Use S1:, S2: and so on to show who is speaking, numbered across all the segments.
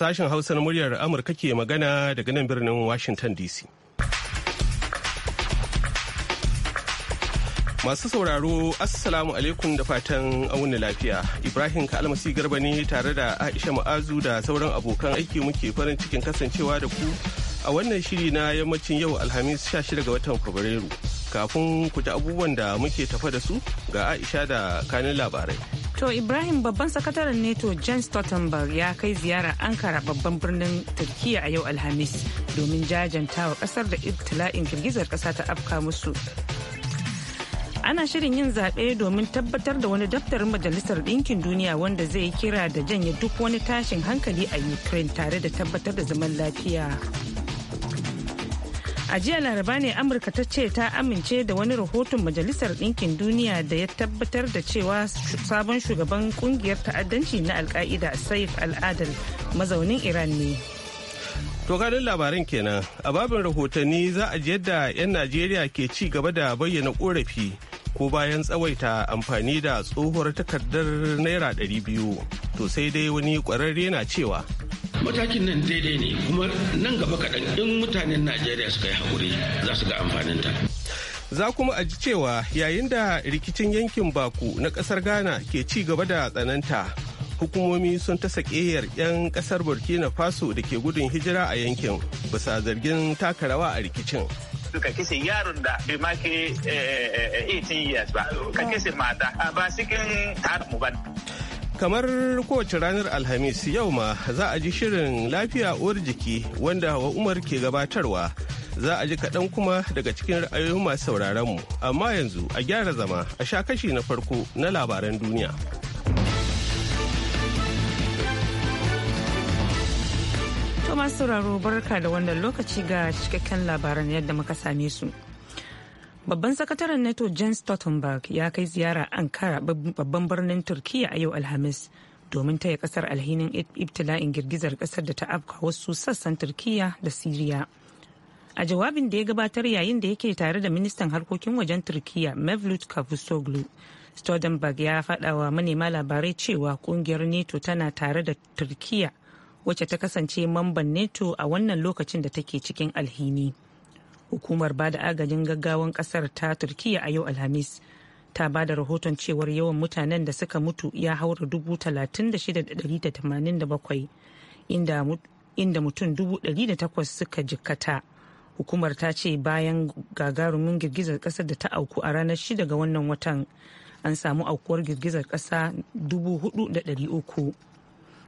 S1: Sashen Hausa na muryar Amurka ke magana daga nan birnin Washington DC. Masu sauraro, Assalamu alaikum da fatan auni lafiya. Ibrahim Kalmasi Garba ne tare da Aisha Ma'azu da sauran abokan aiki muke farin cikin kasancewa da ku a wannan shiri na yammacin yau Alhamis 16 ga watan Fabrairu. Kafin ku ta abubuwan da muke tafa da su ga Aisha da kanin labarai.
S2: To Ibrahim babban sakataren NATO Jens Stoltenberg ya kai ziyara Ankara babban birnin turkiyya a yau Alhamis domin jajanta wa kasar da ibtila'in girgizar kasa ta afka musu. Ana shirin yin zaɓe domin tabbatar da wani daftarin Majalisar Ɗinkin Duniya wanda zai kira da janye duk wani tashin hankali a Ukraine tare da tabbatar da zaman lafiya. a jiya laraba ne amurka ta ce ta amince da wani rahoton majalisar ɗinkin duniya da ya tabbatar da cewa sabon shugaban kungiyar ta'addanci na alka'ida saif al'adal mazaunin iran ne
S1: to ganin labarin kenan a babin rahotanni za a ji yadda 'yan najeriya ke ci gaba da bayyana korafi ko bayan tsawaita amfani da tsohuwar takardar naira 200 to sai dai wani kwararre na cewa
S3: matakin nan daidai ne kuma nan gaba kaɗan in mutanen najeriya suka yi haƙuri za su ga amfaninta
S1: za kuma a ji cewa yayin da rikicin yankin baku na ƙasar ghana ke ci gaba da tsananta hukumomi sun ta sakeyar 'yan ƙasar burkina faso da ke gudun hijira a yankin bisa zargin taka rawa a rikicin
S4: ka kisa yaron da bai make 18 eh, eh, eh, years ba ka kisa mata ba cikin tarin mu ba
S1: kamar kowace ranar alhamis yau ma za a ji shirin lafiya uwar jiki wanda hawa umar ke gabatarwa za a ji kaɗan kuma daga cikin ra'ayoyin masu mu amma yanzu a gyara zama a sha kashi na farko na labaran duniya
S2: masu sauraro barka da wannan lokaci ga cikakken labaran yadda muka same su. Babban sakataren NATO Jens Stoltenberg ya kai ziyara Ankara babban birnin Turkiyya a yau Alhamis domin taya kasar alhinin ibtila'in girgizar kasar da ta afka wasu sassan Turkiyya da Siriya. A jawabin da ya gabatar yayin da yake tare da ministan harkokin wajen Turkiyya Mevlut Cavusoglu, Stoltenberg ya faɗa wa manema labarai cewa kungiyar NATO tana tare da Turkiyya wacce ta kasance mamban NATO a wannan lokacin da take cikin alhini. hukumar bada agajin gaggawan kasar ta turkiya a yau alhamis ta ba da rahoton cewar yawan mutanen da suka mutu ya haura 36,187 inda mutum 800 suka jikkata hukumar ta ce bayan gagarumin girgizar kasar da ta auku a ranar 6 ga wannan watan an samu aukuwar girgizar kasa 4,300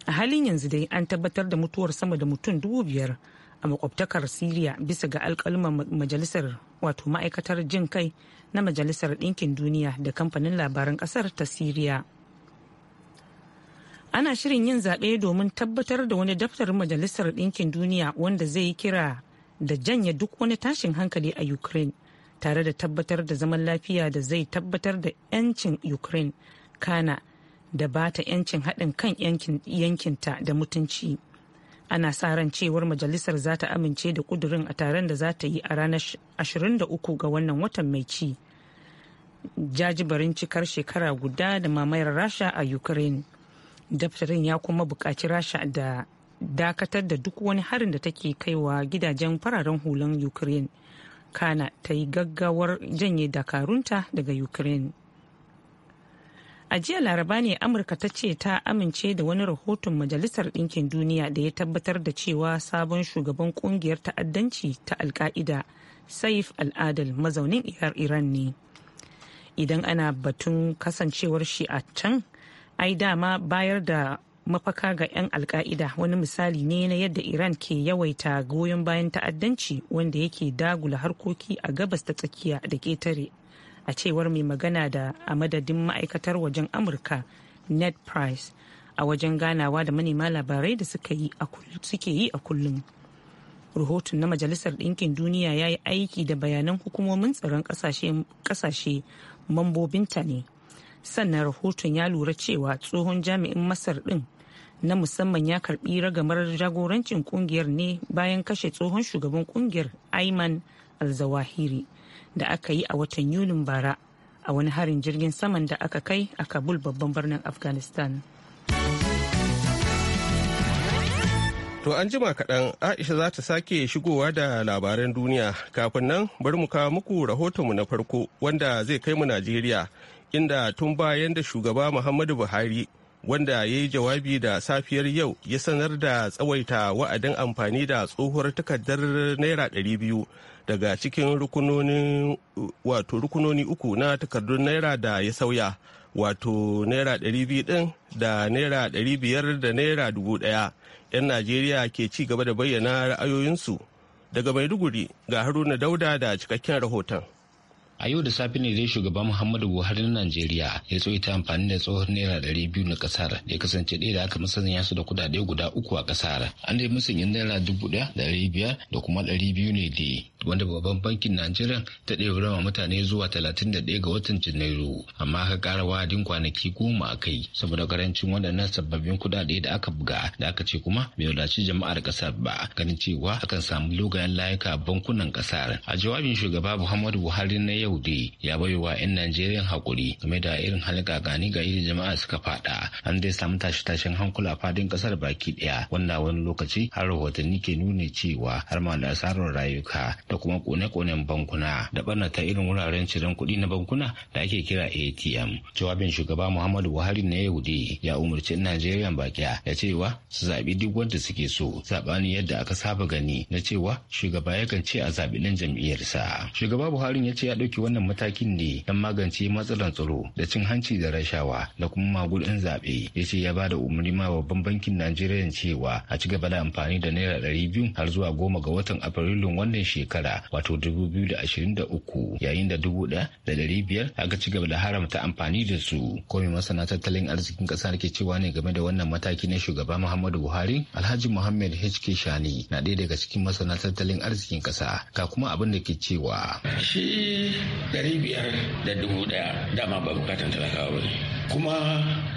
S2: a halin yanzu dai an tabbatar da mutuwar sama da mutum biyar. a makwabtakar Siriya bisa ga alkalman majalisar wato ma'aikatar jin kai na majalisar ɗinkin duniya da kamfanin labaran ƙasar ta Siriya. Ana shirin yin zaɓe domin tabbatar da wani daftarin majalisar ɗinkin duniya wanda zai yi kira da janye duk wani tashin hankali a Ukraine tare da tabbatar da zaman lafiya da zai tabbatar da 'yancin Ukraine kana da ba ta 'yancin haɗin kan yankinta da mutunci. ana sa ran cewar majalisar za ta amince da kudurin a taron da za ta yi a ranar 23 ga wannan watan mai ci barin cikar shekara guda da mamayar rasha a ukraine daftarin ya kuma bukaci rasha da dakatar da duk wani harin da take kaiwa gidajen fararen hulan ukraine kana ta yi gaggawar janye dakarunta daga ukraine a jiya laraba ne amurka ta ce ta amince da wani rahoton majalisar ɗinkin duniya da ya tabbatar da cewa sabon shugaban ƙungiyar ta'addanci ta alka'ida saif al'adal mazaunin iran ne idan ana batun kasancewar shi a can ai dama bayar da mafaka ga 'yan alka'ida wani misali ne na yadda iran ke yawaita goyon bayan ta'addanci wanda yake dagula harkoki a gabas ta tsakiya da ketare a cewar mai magana da a madadin ma'aikatar wajen amurka net price a wajen ganawa da manema labarai da suke yi a kullum rahoton na majalisar ɗinkin duniya ya yi aiki da bayanan hukumomin tsaron ƙasashe mambobinta ne sannan rahoton ya lura cewa tsohon jami'in masar ɗin na musamman ya karbi ragamar jagorancin kungiyar ne bayan kashe tsohon shugaban kungiyar ayman alzawahiri. da aka yi a watan Yunin bara a wani harin jirgin saman da aka kai a Kabul babban birnin Afghanistan.
S1: To an jima kaɗan Aisha za ta sake shigowa da labaran duniya kafin nan bari mu kawo muku mu na farko wanda zai kai mu Najeriya inda tun bayan da shugaba Muhammadu Buhari wanda ya yi jawabi da safiyar yau ya sanar da tsawaita wa'adin amfani da tsohuwar takardar naira 200 daga cikin rukunoni uku na takardun naira da ya sauya wato naira 200 din da naira 500 da naira 1000 'yan najeriya ke ci gaba da bayyana ra'ayoyinsu daga maiduguri ga haruna dauda da cikakken rahoton
S5: a yau da safe ne dai shugaban muhammadu buhari na najeriya ya tsoita amfani da tsohon naira ɗari biyu na ƙasar da ya kasance ɗaya da aka masanya su da kuɗaɗe guda uku a ƙasar an dai yin naira dubu ɗaya da ɗari biyar da kuma ɗari biyu ne dai wanda babban bankin najeriya ta ɗaya mutane zuwa talatin da ɗaya ga watan janairu amma aka ƙara wa'adin kwanaki goma a kai saboda karancin waɗannan sababbin kuɗaɗe da aka buga da aka ce kuma bai wadaci jama'ar ƙasar ba ganin cewa akan samu dogayen layuka bankunan ƙasar a jawabin shugaba muhammadu buhari na yau Rudi ya baiwa 'yan Najeriya hakuri game da irin halga gani ga irin jama'a suka fada an dai samu tashe-tashen hankula fadin ƙasar baki ɗaya. wanda wani lokaci har rahotanni ke nuna cewa har ma da asarar rayuka da kuma kone-konen bankuna da ta irin wuraren ciren kuɗi na bankuna da ake kira ATM. Jawabin shugaba Muhammadu Buhari na Yahudi ya umarci Najeriya baki Ya cewa su zaɓi duk wanda suke so saɓani yadda aka saba gani na cewa shugaba yakan ce a zaɓi ɗan jam'iyyarsa. Shugaba Buhari ya ce ya ɗauki wannan matakin ne don magance matsalar tsaro da cin hanci da rashawa da kuma magudin zaɓe ya ce ya ba da umarni ma babban bankin najeriya cewa a ci gaba da amfani da naira ɗari biyu har zuwa goma ga watan afrilun wannan shekara wato dubu biyu da ashirin da uku yayin da dubu ɗaya da ɗari biyar aka ci gaba da haramta amfani da su komai masana tattalin arzikin ƙasa ke cewa ne game da wannan mataki na shugaba muhammadu buhari alhaji muhammad hk shani na ɗaya daga cikin masana tattalin arzikin ƙasa ka kuma abin da ke cewa
S3: ɗari biyar da dubu ɗaya dama ba bukatan talakawa ba ne kuma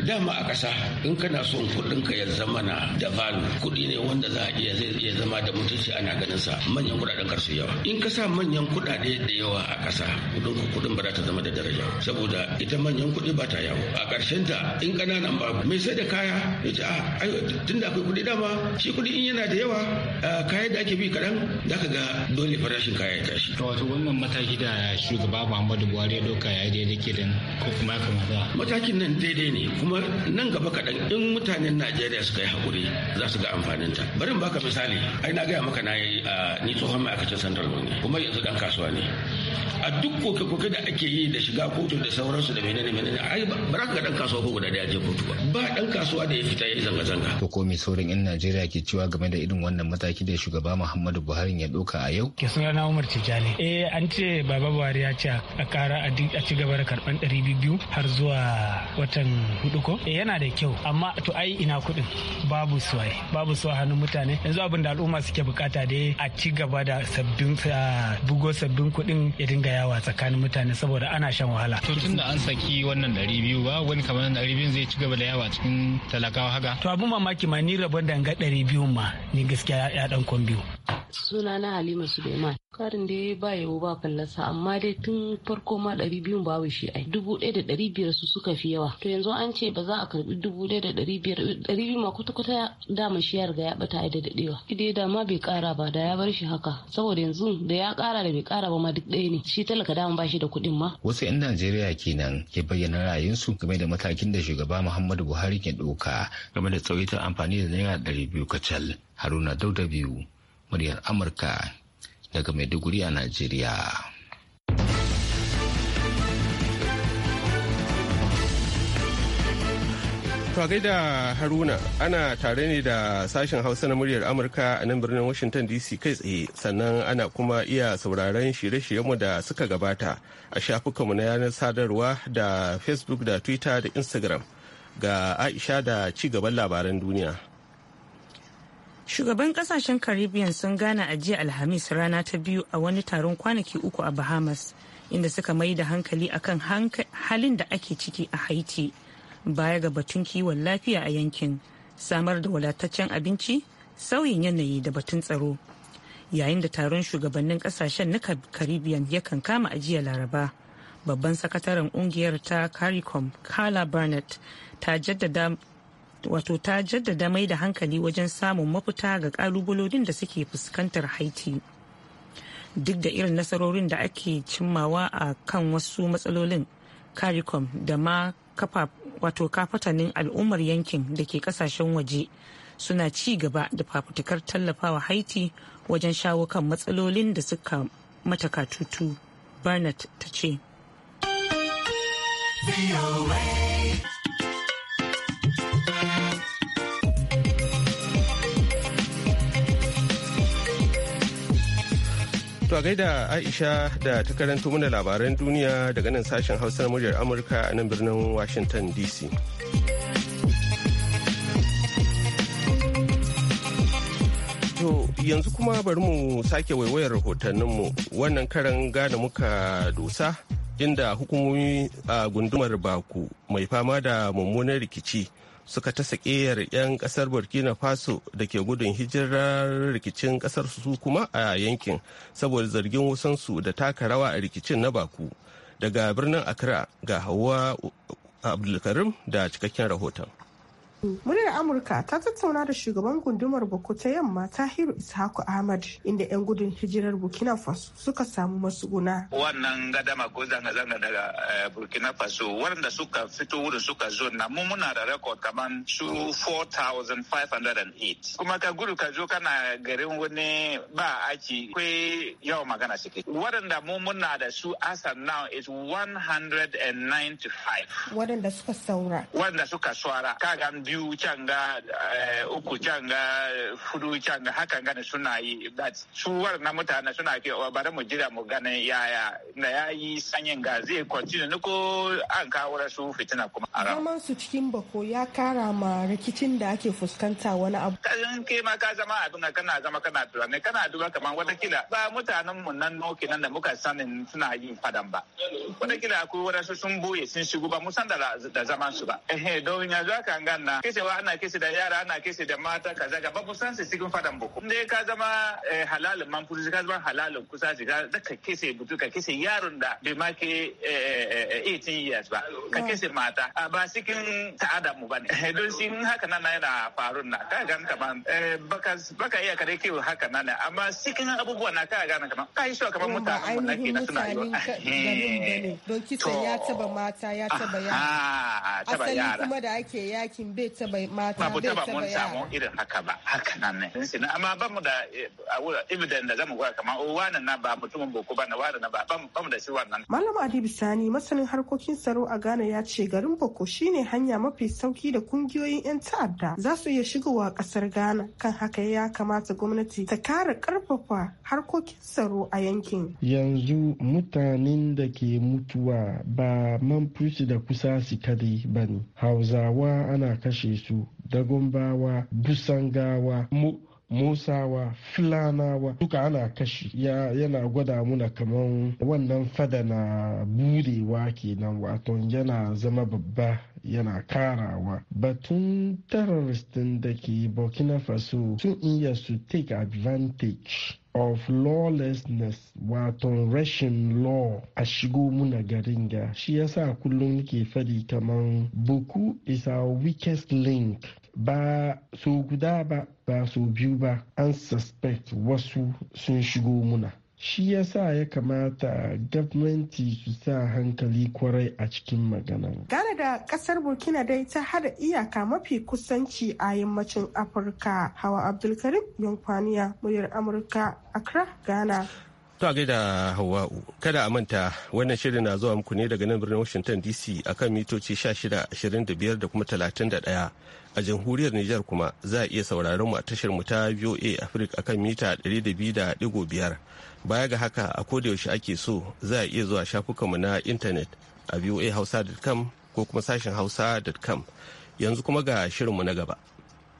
S3: dama a ƙasa in kana son kuɗinka ya zama na da value kuɗi ne wanda za a iya zai iya zama da mutunci ana ganin sa manyan kuɗaɗen karsu yawa in ka sa manyan kuɗaɗe da yawa a ƙasa kuɗin kuɗin ba za ta zama da daraja saboda ita manyan kuɗi ba ta yawo a ƙarshen ta in ƙananan babu mai sai da kaya ya ce a ah, tun da akwai kuɗi dama shi kuɗi in yana da yawa ah, kayan da ake bi kaɗan za ka ga
S5: dole farashin kaya ya tashi. wato wannan mataki da shi shugaba muhammadu buhari ya doka ya daidai kidan ko kuma kamata
S3: matakin nan daidai ne kuma nan gaba kaɗan in mutanen najeriya suka yi hakuri za su ga amfanin ta bari in baka misali ai na gaya maka na yi ni tsohon ma'aikacin Central Bank kuma yanzu dan kasuwa ne a duk koke-koke da ake yi da shiga kotu da sauransu da menene menene ai ba za ka dan kasuwa ko guda da je kotu ba ba dan kasuwa da ya fita ya zanga-zanga
S5: to ko mai saurin yan Najeriya ke cewa game da irin wannan mataki da shugaba Muhammadu Buhari ya doka a yau ke sunana Umar Tijani
S6: eh an ce baba Buhari ya ce a kara a ci gaba da karban 200 har zuwa watan hudu ko eh, yana da kyau amma to ai ina kuɗin babu suwaye babu suwa hannun mutane yanzu abin da al'umma suke bukata da a ci gaba da sabbin bugo sabbin kuɗin ya dinga yawa tsakanin mutane saboda ana shan wahala. to tunda an saki
S5: wannan 200 biyu ba wani kamar ɗari biyu zai ci gaba da yawa cikin talakawa haka. to abin mamaki
S6: ma ni rabon da ga ɗari ma ni gaskiya ya dan kon biyu.
S7: suna na halima suleiman karin da ya ba yawo ba fallasa amma dai tun farko ma ɗari biyun babu shi ai dubu ɗaya da ɗari biyar su suka fi yawa to yanzu an ce ba za a karɓi dubu ɗaya da ɗari biyar ɗari biyu ma kwata kwata dama shi ya riga ya ɓata ai da daɗewa idai da ma bai ƙara ba da ya bar shi haka saboda yanzu da ya ƙara da bai ƙara ba ma duk ɗaya ne shi talaka dama ba shi da kuɗin ma.
S5: wasu 'yan najeriya kenan ke bayyana ra'ayinsu game da matakin da shugaba muhammadu buhari ke ɗauka game da tsawaita amfani da naira ɗari biyu kacal haruna dauda biyu muryar Amurka daga Maiduguri a Najeriya.
S1: To gaida Haruna ana tare ne da sashen Hausa na muryar Amurka a nan birnin Washington DC kai tsaye sannan ana kuma iya sauraron shirye-shiryenmu da suka gabata a shafukanmu na yanar sadarwa da Facebook da Twitter da Instagram ga Aisha da ci gaban labaran duniya.
S2: Shugaban kasashen Caribbean sun gana a jiya Alhamis rana ta biyu a wani taron kwanaki uku a Bahamas, inda suka mai da hankali akan halin da ake ciki a Haiti, baya ga batun kiwon lafiya a yankin, samar da wadataccen abinci, sauyin yanayi da batun tsaro. Yayin da taron shugabannin kasashen na Caribbean yakan kama a jiya Laraba. Babban sakataren kungiyar ta CARICOM, Carla Barnett, ta jaddada wato ta jaddada mai da hankali wajen samun mafita ga kalubalodin da suke fuskantar haiti duk da irin nasarorin da ake cimmawa a kan wasu matsalolin caricom da ma kafa wato kafatanin al'ummar yankin da ke kasashen waje suna ci gaba da fafutukar tallafawa haiti wajen shawo kan matsalolin da suka mata katutu bernard ta ce
S1: To gaida Aisha da ta karanta mana labaran duniya daga nan sashen Hausa na muryar Amurka a nan birnin Washington DC. To yanzu kuma bari mu sake waiwayar rahotanninmu wannan karan gane muka dosa inda hukumomi a gundumar baku mai fama da mummunan rikici. suka ta saƙe 'yan ƙasar burkina faso da ke gudun hijirar rikicin ƙasar su kuma a yankin saboda zargin wasansu da taka rawa a rikicin na baku daga birnin accra ga hawa abdulkarim da cikakken rahoton
S8: Muryar Amurka ta tattauna da shugaban gundumar Boko ta yamma Tahiru Ishaku Ahmad inda 'yan gudun hijirar Burkina Faso suka samu masuguna.
S4: Wannan gadama ko zanga-zanga daga eh, Burkina Faso wanda suka fito wurin suka zo na mu muna da rekod kaman su 4,508. Kuma ka gudu ka zo kana garin wani ba aiki kai yawan magana suke. Waɗanda mu muna da su asan now is 195.
S8: Waɗanda suka saura.
S4: Waɗanda suka saura. Kagan biyu biyu canga eh, uku canga fudu canga hakan gane suna yi da su waɗannan mutane suna ke bari mu jira mu gane yaya da ya yi sanyin ga zai continue niko an kawo rasu fitina kuma. Zaman
S8: su cikin bako ya kara ma rikicin da ake fuskanta wani abu.
S4: Kajin ke ma ka zama abin da kana zama kana tunani kana duba kamar watakila ba mutanen mu nan noki nan da muka sanin suna yin fadan ba. Watakila akwai wadansu sun boye sun shigo ba mu san da zaman su ba. don yanzu aka gana Kese wa ana kese da yara ana kese da mata kaza ga babu san cikin fadan boko inda ka zama eh, halalin man furuci ka zama halalin kusa ji ka ka kese butu ka kese yaron da bai ma ke 18 eh, eh, years ba ka kese mata ba cikin ta'ada mu ne don shi haka nan yana farun na ka gan kaman baka baka iya kare kiwo haka nan amma cikin abubuwa na ka gan kaman
S8: kai shi kaman mutanen mun nake na suna yi don kisa ya taba mata ya taba yara asali kuma da ake yakin bai taba mata bai taba mun samu
S4: irin haka ba haka nan ne na amma ba mu da eh, evidence da zamu ga kamar o oh, wannan na ba mutumin boko ba na wannan na ba ba mu da shi wannan
S8: malam adibi sani masanin harkokin tsaro a Ghana ya ce garin boko shine hanya mafi sauki da kungiyoyin yan ta'adda za su iya shigowa kasar Ghana kan haka ya kamata gwamnati ta kara karfafa harkokin tsaro a yankin
S6: yanzu mutanen da ke mutuwa ba man da kusa su kadai bane hausawa ana kashe kashe su dagombawa busangawa mu musawa fulanawa duka ana kashi ya yana gwada muna kaman wannan fada na burewa kenan wato yana zama babba yana karawa batun terrorist da ke burkina faso sun iya su take advantage of lawlessness waton rashin law a shigo muna garin ga shi yasa kullum nake fadi kaman buku is our weakest link ba so guda ba ba so biyu ba an suspect wasu sun shigo muna shi ya sa ya kamata gwamnati su sa hankali kwarai a cikin magana.
S8: Ghana da kasar Burkina dai ta hada iyaka mafi kusanci a yammacin Afirka. Hawa Abdulkarim Yankwaniya, muryar Amurka, Accra, Ghana.
S1: To gaida hauwa kada a manta wannan shirin na zuwa muku ne daga nan birnin Washington DC akan mitoci 1625 da kuma 31. a jamhuriyar Nijar kuma za a iya sauraron mu a tashar mu ta VOA Africa akan mita 200.5. Baya ga haka a koda yaushe ake so za a iya zuwa shafukan mu na intanet a voahausa.com ko kuma sashen hausa.com. Yanzu kuma ga shirin mu na gaba.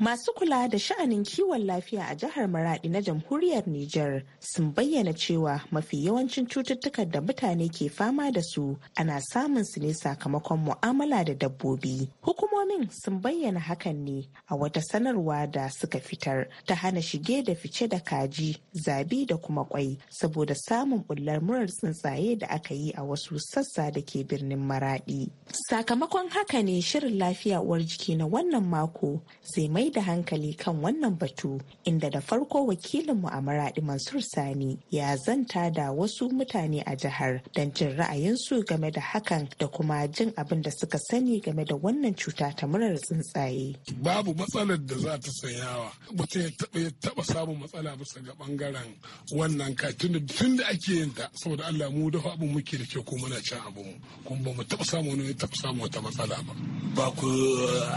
S9: Masu kula da sha'anin kiwon lafiya a jihar Maradi na jamhuriyar Nijar sun bayyana cewa mafi yawancin cututtukan da mutane ke fama da su ana samun su ne sakamakon mu'amala da dabbobi. Hukumomin sun bayyana hakan ne a wata sanarwa da suka fitar ta hana shige da fice da kaji, zabi da kuma kwai saboda samun bullar murar tsuntsaye da aka yi a wasu sassa da ke birnin Maradi. Sakamakon haka ne shirin lafiya uwar jiki na wannan mako zai mai mai da hankali kan wannan batu inda da farko wakilinmu a maradi Mansur Sani ya zanta da wasu mutane a jihar don jin ra'ayinsu game da hakan da kuma jin abin da suka sani game da wannan cuta ta murar tsuntsaye.
S10: Babu matsalar da za ta sayawa mutum ya taba samun matsala bisa ga bangaren wannan ka tun da ake yin ta saboda Allah mu dafa abin muke da ke ko muna cin abin kuma ba mu taba samu wani taba samu wata matsala ba. Ba ku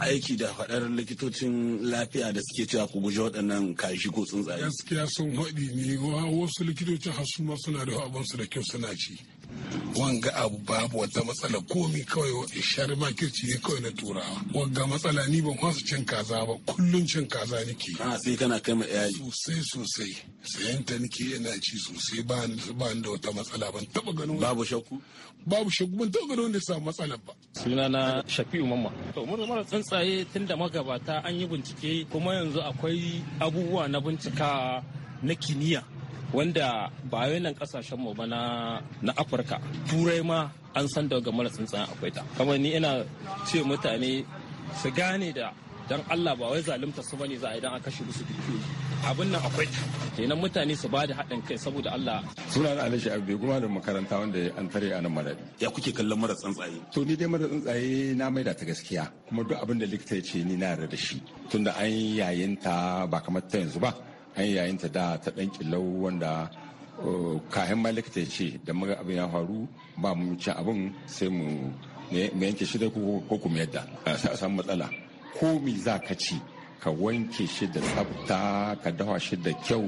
S10: aiki da faɗar likitocin lafiya da suke cewa ku guji waɗannan kashi ko tsuntsaye gaskiya sun haɗi ne wasu likitocin hasuma suna da abin da kyau suna ci wanga abu babu wata matsala komi kawai share makirci ne kawai na turawa wanga matsala ni ban kwasu cin kaza ba kullum cin kaza nake a ah, sai kana kai ma iyali sosai sosai sayan ta nake yana ci sosai ba ba da wata matsala ban taba ganin babu shakku babu shakku ban taba ganin wanda ya samu matsala ba Suna
S5: na shafi'u mamma to mun mara tsuntsaye tunda magabata an yi bincike kuma yanzu akwai abubuwa na bincika na kiniya. wanda ba nan kasashen mu ba na afirka turai ma an san da ga mara tsuntsayen akwai ta kamar ni ina ce mutane su gane da dan allah ba wai zalunta su bane za a idan a kashe su dukiyoyi abin nan akwai ta kenan mutane su bada haɗin kai saboda allah suna
S11: na alishi abu kuma da makaranta wanda an tare a nan madadi ya kuke kallon mara tsuntsaye to ni dai mara tsuntsaye na maida ta gaskiya kuma duk abin da likita ya ce ni na yarda da shi tunda an yayinta ba kamar ta yanzu ba an yayin ta da ta dan kilau wanda uh, kayan ma ta ce da muga abin ya faru ba mu ci abin sai mu yanke shi da ko kuma yadda a samu matsala ko mi za ka ci ka wanke shi da tsafta ka dawa shi da kyau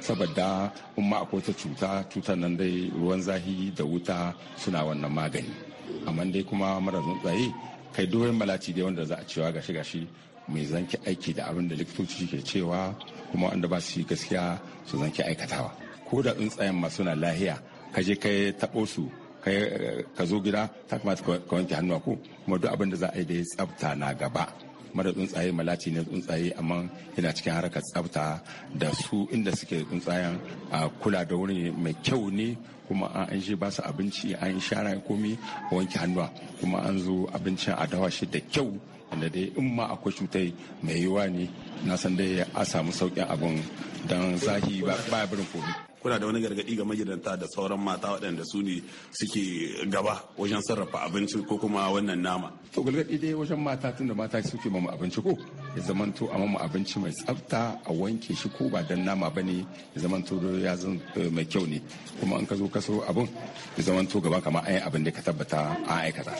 S11: saboda umma akwai ta cuta cutar nan dai ruwan zahi da wuta suna wannan magani amma dai kuma mara tsaye kai doyen malaci dai wanda za a cewa gashi gashi mai zanki aiki da abin da likitoci ke cewa kuma wanda ba su yi gaskiya su zanki aikatawa ko da tsuntsayen masu na lahiya ka je ka taɓo su ka zo gida ta kamata ka wanke hannuwa ko kuma duk abin da za a yi da ya tsafta na gaba mara tsuntsaye malati ne tsuntsaye amma yana cikin harkar tsafta da su inda suke tsuntsayen a kula da wuri mai kyau ne kuma an shi ba su abinci an shara komi a wanke hannuwa kuma an zo abincin a dawa shi da kyau inda dai in ma akwai cutai mai yiwa ne na san dai a samu sauƙin abin don zahi ba birin komi
S10: kuna da wani gargaɗi ga magidanta da sauran mata waɗanda su ne suke gaba wajen sarrafa abinci ko kuma wannan
S11: nama. To gargaɗi dai wajen mata tun da mata suke mamu abinci ko ya zamanto a mamu abinci mai tsafta a wanke shi ko ba dan nama ba ne ya zamanto ya zan eh, mai kyau ne kuma an ka zo kaso abin ya zamanto gaba kamar an yi abin da ka tabbata an aikata.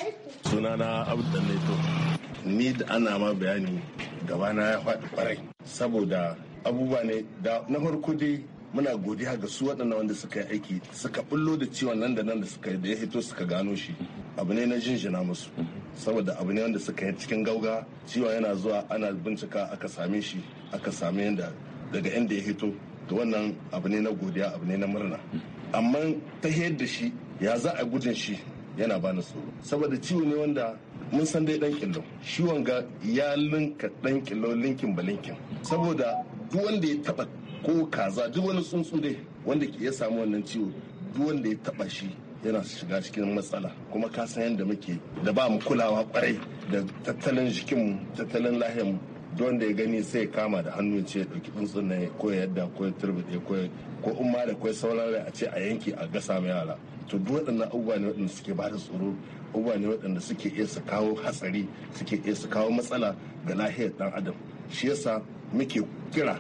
S11: Sunana
S10: Abdul Neto. ni da ana ma bayani gabana ya faɗi kwarai saboda abubuwa ne da na farko dai muna godiya ga su waɗanda wanda suka yi aiki suka bullo da ciwon nan da nan da suka da ya hito suka gano shi abu ne na jinjina musu saboda abu ne wanda suka yi cikin gauga ciwon yana zuwa ana bincika aka same shi aka same yadda daga inda ya hito da wannan abu ne na godiya abu ne na murna amma ta da shi ya za a gudun shi yana bani tsoro saboda ciwo ne wanda mun san dai dan killo shi wanga ya linka dan killo linkin ba linkin saboda duk wanda ya taba ko kaza duk wani tsuntsu dai wanda ke ya samu wannan ciwo duk wanda ya taba shi yana shiga cikin matsala kuma ka san yadda muke da ba mu kulawa kwarai da tattalin jikinmu tattalin lahiyarmu don da ya gani sai kama da hannu ce ya ɗauki tsuntsun nan ko ya yadda ko ya turbuɗe ko ko in ma da kwai sauran rai a ce a yanki a gasa mai yara to duk waɗannan abubuwa ne waɗanda suke ba da tsoro abubuwa ne waɗanda suke iya su kawo hatsari suke iya su kawo matsala ga lahiyar ɗan adam shi yasa muke kira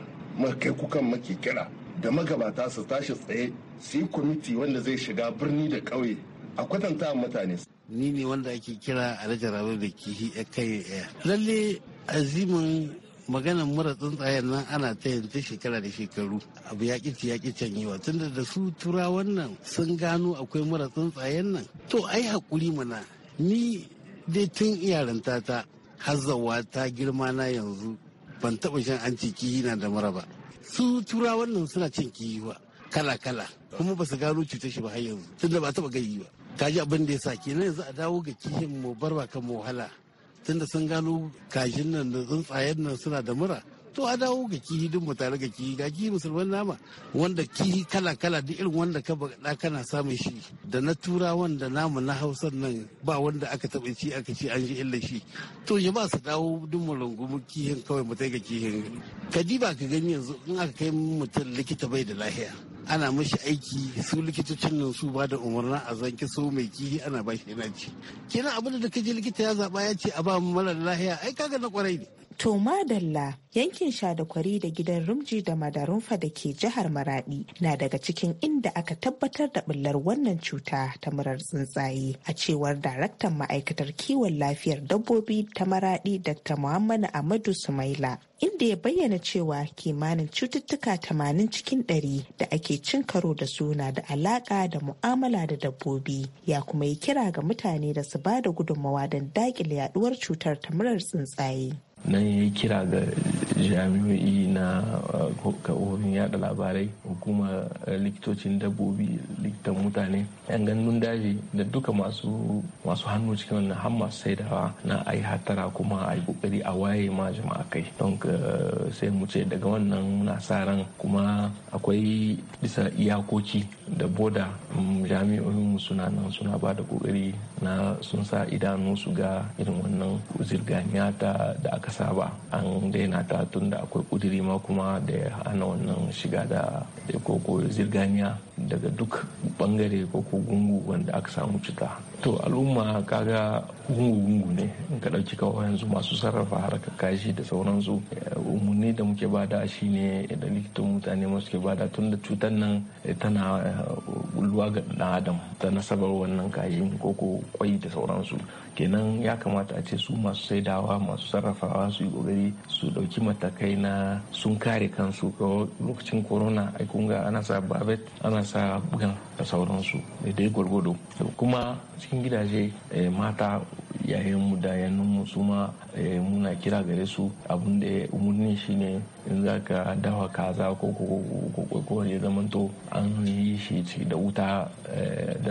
S10: kai kukan muke kira da magabata su tashi tsaye su yi kwamiti
S12: wanda zai shiga birni da ƙauye a kwatanta mutane ni ne wanda ake kira a rabe da kihi kai lalle azimin maganan mura tsuntsayen nan ana ta yanta shekara da shekaru abu ya kici ya kicin yiwa tunda da su tura wannan sun gano akwai mura tsuntsayen nan to ai hakuri mana ni dai tun iyaranta ta hazawa ta girma na yanzu ban taba shan an ce kihi na da mura ba su tura wannan suna cin kihi wa kala kala kuma ba su gano cutar shi ba har yanzu tunda ba taba gani ba kaji abin da ya sa kenan yanzu a dawo ga kihin mu barba kan mu wahala tunda sun gano kashin nan da tsuntsayen nan suna da mura to a dawo ga kihi duk mu ga kihi ga kihi musulman nama wanda kihi kala kala duk irin wanda ka bada kana samun shi da na tura wanda namu na hausa nan ba wanda aka taba ci aka ci an ji illa shi to ya ba su dawo duk mu rungumi kihin kawai mu ga kihin kadiba ka gani yanzu in aka kai mutum likita bai da lahiya ana mashi aiki su likitocin nan su ba da umarna a zanki so mai kihi ana ba shi yana ci kenan abin da kaje likita
S9: ya zaba ya ce a ba mu mara lahiya ai kaga na kwarai ne To madalla yankin shadakwari da gidan rumji da madarunfa da ke jihar maradi na daga cikin inda aka tabbatar da bullar wannan cuta ta murar tsuntsaye a cewar daraktan ma'aikatar kiwon lafiyar dabbobi ta maradi dr muhammadu amadu sumaila inda ya bayyana cewa kimanin cututtuka tamanin cikin ɗari da ake cin karo da suna da alaƙa da mu'amala da dabbobi ya kuma yi kira ga mutane da su ba da gudunmawa don daƙile yaduwar cutar ta murar tsuntsaye
S13: nan ya yi kira ga jami'o'i na ka'orin yada labarai hukumar likitocin dabbobi likitan mutane yan gandun daji da duka masu hannu cikin wannan hamma saidawa na a yi hatara kuma a yi kokari a waye ma jama'a kai don eh, sai mu ce daga wannan muna kuma akwai bisa iyakoki da boda mm, jami'o'inmu suna nan suna ba da kokari na sun sa idanu su ga irin wannan zirganiya ta da aka saba an daina ta tun da akwai kudiri ma kuma da ya hana wannan shiga da koko zirganiya daga duk bangare ko gungu wanda aka samu cuta to al'umma kaga gungu-gungu ne in ka ɗauki kawo yanzu masu sarrafa haraka kashi da sauransu umarni da muke bada shine da likitan mutane masu ke bada tun da cutar nan tana eh, bulwa ga ɗan adam ta nasabar wannan kajin koko kwai da sauransu kenan ya kamata a ce su masu saidawa masu sarrafawa su yi kokari su dauki matakai na sun kare kansu ga lokacin corona ai kunga ana sa babet ana sa bugan da sauransu dai gwargwado kuma cikin gidaje mata mu da yanninmu su ma muna kira gare su abin da umarni shine in za ka dawa kaza ko ko ko ko zamanto an yi shi wuta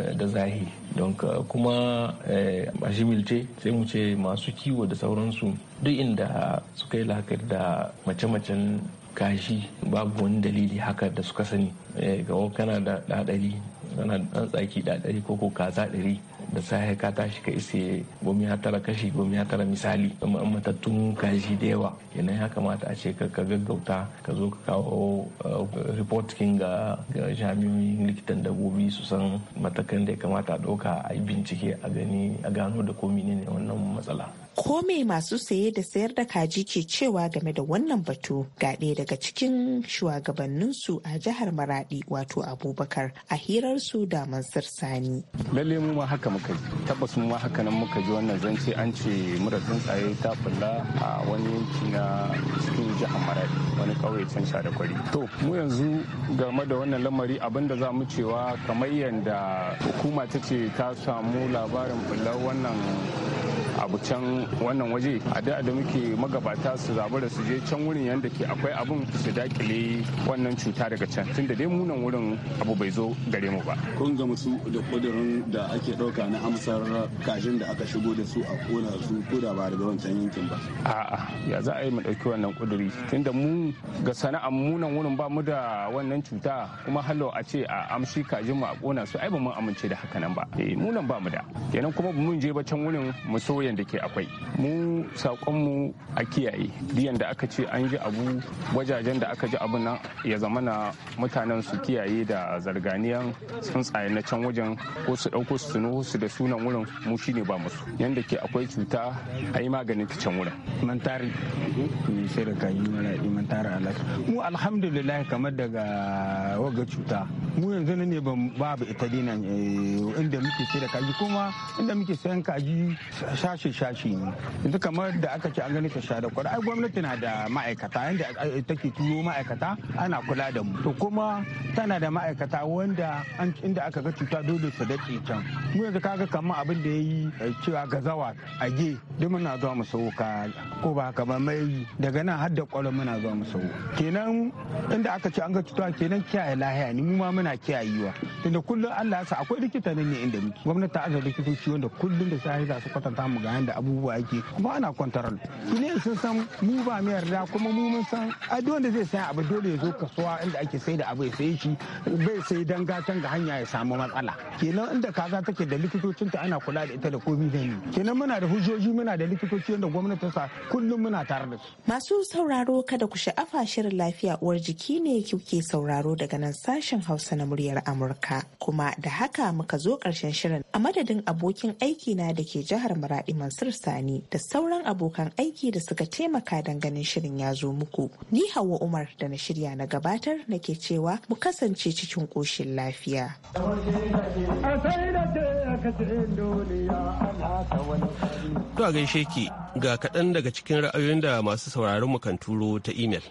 S13: da zahi don kuma eh, a shimilce sai mu ce masu kiwo da sauransu duk inda suka yi lakar da mace-macen kashi babu wani dalili haka da suka sani ga eh, kana da ɗaɗari kana da tsaki ɗaɗari ko ko kaza ɗari da sai ka tashi ka isa gomi ya tara kashi gomi tara misali matattun kashi da yawa yanayi ya kamata a ce ka gaggauta ka zo ka kawo eh, report kin ga jami'in likitan dabobi su san matakan da ya kamata a ɗauka a yi bincike a gani a gano da ko ne wannan matsala
S9: ko me masu saye da sayar da kaji ke cewa game da wannan batu ga ɗaya daga cikin shugabanninsu a jihar maradi wato abubakar a hirarsu da mansur sani
S14: lalle mu ma haka muka ji tabbas mu ma haka nan muka ji wannan zance an ce mura tsuntsaye ta fulla a wani yanki na cikin jihar maradi wani ƙauye can sha da kwari to mu yanzu game da wannan lamari abin da za mu cewa kamar yadda hukuma ta ce ta samu labarin bullar wannan abu can wannan waje a da da muke magabata su zabu da su je can wurin yanda ke akwai abun su dakile wannan cuta daga can tunda dai munan wurin abu bai zo gare mu ba
S10: kun ga musu da kudirin da ake dauka na amsar kashin da aka shigo da su a kona
S14: su ko da ba daga wancan yankin ba a'a ya za a yi mu dauki wannan kuduri tunda mu ga sana'ar munan wurin ba mu da wannan cuta kuma halo a ce a amshi kajin mu a kona su ai ba mun amince da haka nan ba eh munan ba mu da kenan kuma mun je ba can wurin mu so koyan da ke akwai mu saƙonmu a kiyaye biyan da aka ce an ji abu wajajen da aka ji abu nan ya zama na mutanen su kiyaye da zarganiyan tsuntsaye na can wajen ko su ɗauko su tuno su da sunan wurin mu shine ba musu yanda ke akwai cuta a yi maganin ta can wurin
S6: mantari mai sai da kayi mara mantari alaka mu alhamdulillah kamar daga waga cuta mu yanzu ne babu ita dinan eh, inda muke sai da kaji kuma inda muke sayan kaji sha sashe shashi ne yanzu kamar da aka ce an gani ta sha da kwada ai gwamnati na da ma'aikata yanda take turo ma'aikata ana kula da mu to kuma tana da ma'aikata wanda inda aka ga cuta dole su dace can mu yanzu kaga kamar abin da ya yi eh, cewa gazawa a ge duk muna zuwa mu sau ka ko ba haka ba mai daga nan har da kwalon muna zuwa mu sau kenan inda aka ce an ga cuta kenan kiyaye lahiya ne mu ma muna kiyayewa tunda kullum Allah ya sa akwai likita ne inda muke gwamnati ta aza likitoci wanda kullum da sai za su kwatanta mu ga yadda abubuwa ake kuma ana kwantaral duniya sun san mu ba mu yarda kuma mu mun san a dole zai saya abu dole ya zo kasuwa inda ake sai da abu ya sayi shi bai sai dan gatan ga hanya ya samu matsala kenan inda kaza take da likitocinta ana kula da ita da komi da ni kenan muna da hujjoji muna da likitoci da gwamnati sa kullum muna tare
S9: da su masu sauraro kada ku sha'afa shirin lafiya uwar jiki ne ke sauraro daga nan sashen Hausa na muryar Amurka kuma da haka muka zo karshen shirin a madadin abokin aiki na da ke jihar Maradi Mansur Sani da sauran abokan aiki da suka taimaka ganin shirin ya zo muku. Ni Hawa Umar da na shirya na gabatar nake cewa mu kasance cikin ƙoshin lafiya. To
S1: a gaishe ki ga kaɗan daga cikin ra'ayoyin da masu sauraron mu kan turo ta imel.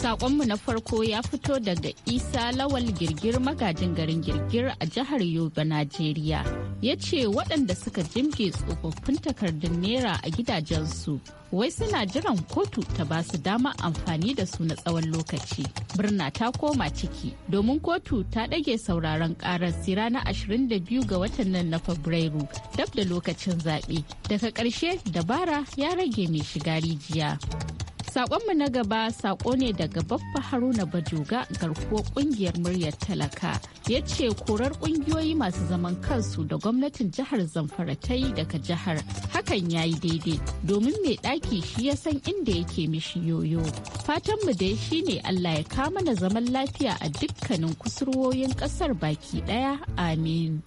S7: Sakonmu na farko ya fito daga Isa Lawal Girgir magajin garin Girgir a jihar Yobe, Najeriya. Ya ce waɗanda suka jimge tsofaffin takardun Naira a gidajensu wai suna jiran kotu ta ba su dama amfani da su na tsawon lokaci. Birna ta koma ciki domin kotu ta ɗage sauraron ƙarar sira na 22 ga watan nan na Fabrairu dab da lokacin zaɓe. Daga ƙarshe dabara ya rage mai shiga rijiya. Sakonmu na gaba sako ne daga babba Haruna Bajoga garkuwar kungiyar muryar talaka. Ya ce korar kungiyoyi masu zaman kansu da gwamnatin jihar Zamfara ta yi daga jihar hakan ya yi daidai domin mai ɗaki shi ya san inda yake mishi yoyo. Fatanmu dai shi ne Allah ya kama na zaman lafiya a dukkanin kusurwoyin ƙasar baki ɗaya. Amin.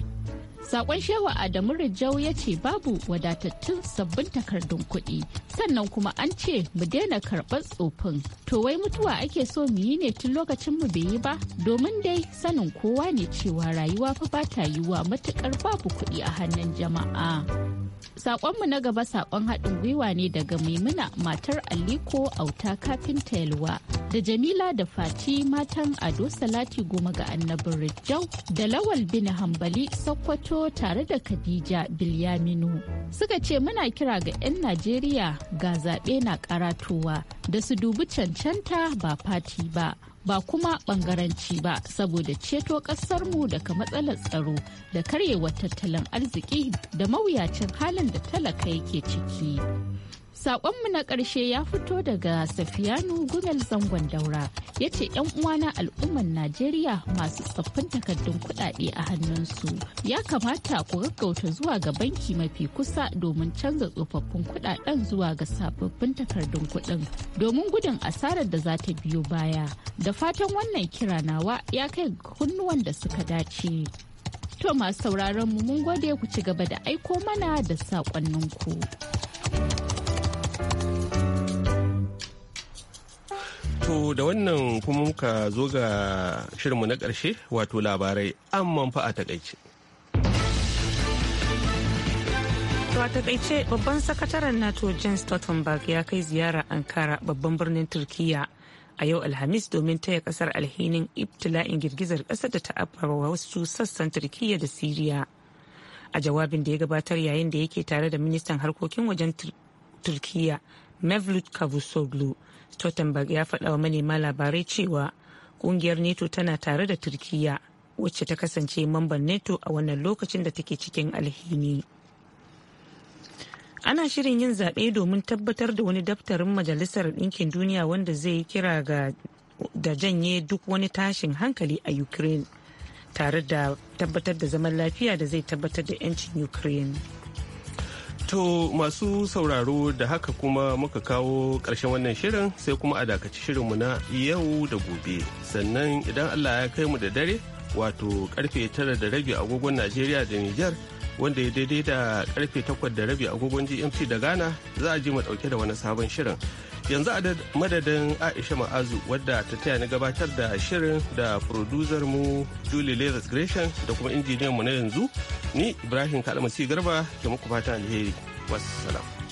S7: Sakon Shehu Adamu Rijau ya ce babu wadatattun sabbin takardun kuɗi sannan kuma an ce mu daina karɓar tsofin. To wai mutuwa ake so mu yi ne tun lokacin mu bai yi ba domin dai sanin kowa ne cewa rayuwa fa ba ta yiwuwa matuƙar babu kuɗi a hannun jama'a. Sakonmu na gaba saƙon haɗin gwiwa ne daga Maimuna matar Aliko Auta kafinta Yalwa da Jamila da Fati matan Ado Salati goma ga annabin Rijau da Lawal bin Hambali Sokoto tare da Khadija Bilyaminu. Suka ce muna kira ga 'yan Najeriya ga zaɓe na karatowa da su dubi cancanta ba fati ba. ba kuma bangaranci ba saboda ceto ƙasarmu daga matsalar tsaro da karyewar tattalin arziki da mawuyacin halin da talaka yake ciki. Saƙonmu na ƙarshe ya fito daga Safiyanu Gumel Zangon Daura ya ce uwana al'ummar Najeriya masu tsaffin takardun kuɗaɗe a hannunsu ya kamata ku gaggauta zuwa ga banki mafi kusa domin canza tsofaffin kuɗaɗen zuwa ga sababbin takardun kuɗin domin gudun asarar da za ta biyo baya. Da fatan wannan kira nawa ya kai kunnuwan da suka dace. To masu sauraron mu mun gode ku ci gaba da aiko mana da saƙonninku. ku.
S1: To da wannan kuma muka zo ga shirinmu na ƙarshe wato labarai an manfa a takaice.
S2: a takaice babban sakataren nato james stoltenberg ya kai ziyara ankara babban birnin turkiya a yau alhamis domin taya kasar alhinin ibtila'in girgizar kasar da ta wa wasu sassan turkiya da siriya a jawabin da ya gabatar yayin da yake tare da ministan harkokin wajen turkiya mevlut cavusoglu Stoltenberg ya faɗa wa manema labarai cewa kungiyar NATO tana tare da Turkiyya wacce ta kasance mamban NATO a wannan lokacin da take cikin alhini. Ana shirin yin zaɓe domin tabbatar da wani daftarin Majalisar Ɗinkin Duniya wanda zai kira ga da janye duk wani tashin hankali a Ukraine tare da tabbatar da zaman lafiya da zai tabbatar da 'yancin Ukraine.
S1: To masu sauraro da haka kuma muka kawo ƙarshen wannan shirin sai kuma a dakaci shirinmu na yau da gobe. Sannan idan Allah ya kai mu da dare wato karfe tara da rabi agogon Najeriya da Nijar wanda ya daidai da karfe takwas da rabi agogon GMT da Ghana za a ji mu dauke da wani sabon shirin. yanzu a madadin aisha ma'azu wadda ta taya ni gabatar da shirin da producer mu julie lezard gresham da kuma injiniyan mu na yanzu ni ibrahim masu garba ke muku fatan alheri wassalam